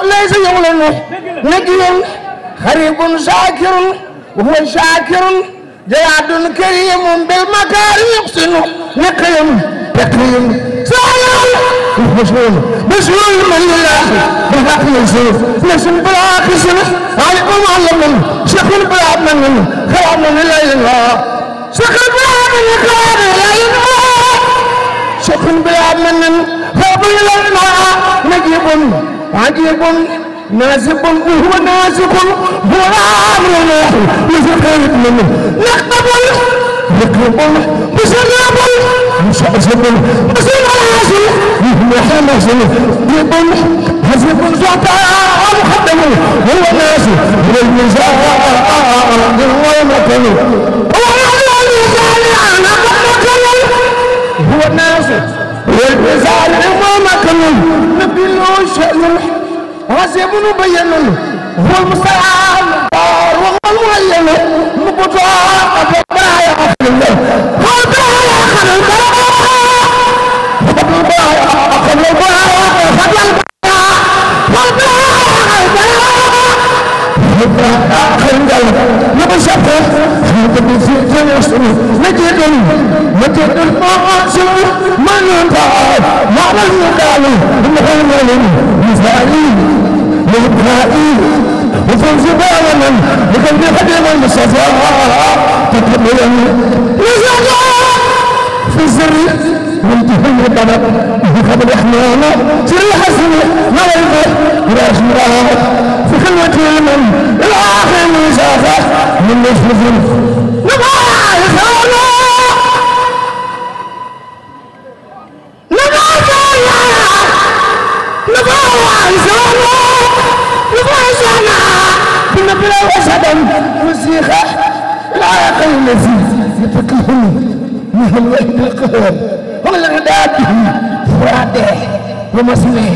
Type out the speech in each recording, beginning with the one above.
فليس يغلن نجي خريب شاكر وهو شاكر جاد كريم بالمكان يحسن نقيم تكريم سلام مشغول مشغول من الله بالحق يشوف نسم بلا كسر عليكم علم شكل بلا من خير من الله شكل بلا من خير من الله شكل بلا من عجب عجب نازب وهو نازب هو امر نزقيت منه نقب نقب مسرب مسرب مسرب محمد هزب هزب زعتر محمد هو نازب هو هو مكانه Quetzirima, Muziem, U هو U SAMU GUN, A TLAP, SU алm 呀?, U Qaxi?, U Paghudga بشفه هذا بزيد يسوع نجد نجد المعاشر من ينتهى مع من يدعي مغنى مفاعيل مفاعيل وفوز بالا لكن بقدم المستشفى تقبل يزعج في السر من تهم الطلب بقدر احماله سر الحسن ما يفعل من يشرفون وزيخة لا يقل لذيذ يتكهن مهل ويتكهن والغداد فراده ومسلح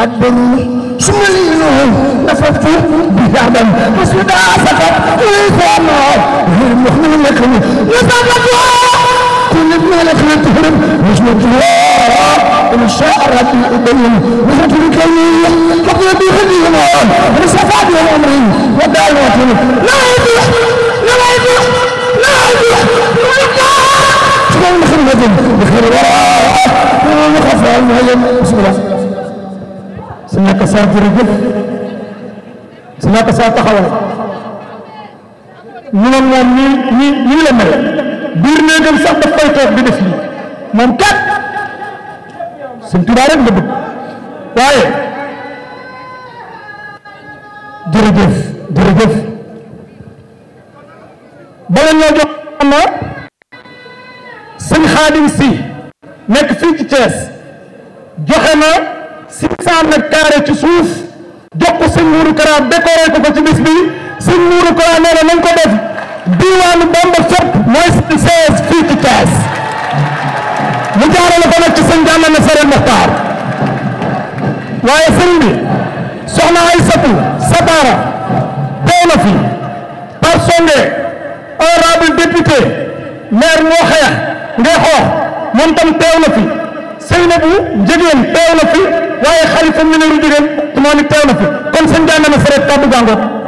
الدروي شملينه نفذت بيعمل مسجد سفر ويسمع المخمين لكم يسمع كل مالك لا تهرب مش مطلوب من الشعر الدين مش مطلوب كلمة فقط بيخلينا رسفات يا عمري ودع الوطن لا يبيح لا يبيح لا يبيح شكرا لخدمتك بخير وراء وخفر المهيم بسم الله su nekk saa jërëjëf su nekk ñu ne moom nii nii nii la mel biir néegam sax daf koy toog di def lii moom kat suñ Tuubaa rek nga waaye jërëjëf jërëjëf bala ñoo jox ma sëñ Xaadim si nekk fii ci Thiès joxe na six cent mètres carrés suuf jox ko sëñ Mourou Kara décoré ko ko ci bis bi sëñ Mourou Kara nee na nañ ko def diwaanu Bamba fépp mooy seize fii ci Thiès mu jaarale ko nag ci sëñ Gana Messere Mokhtar waaye sëñ bi soxna Aïssatou Sabara teew na fi par songe honorable député maire moo xeex ngay xoox moom tam Seynabu njëgeen teew na fi waaye xalifa mu ne lu jigéen moom it teew na fi kon sëñ Diagne na sareet kàddu gàngoog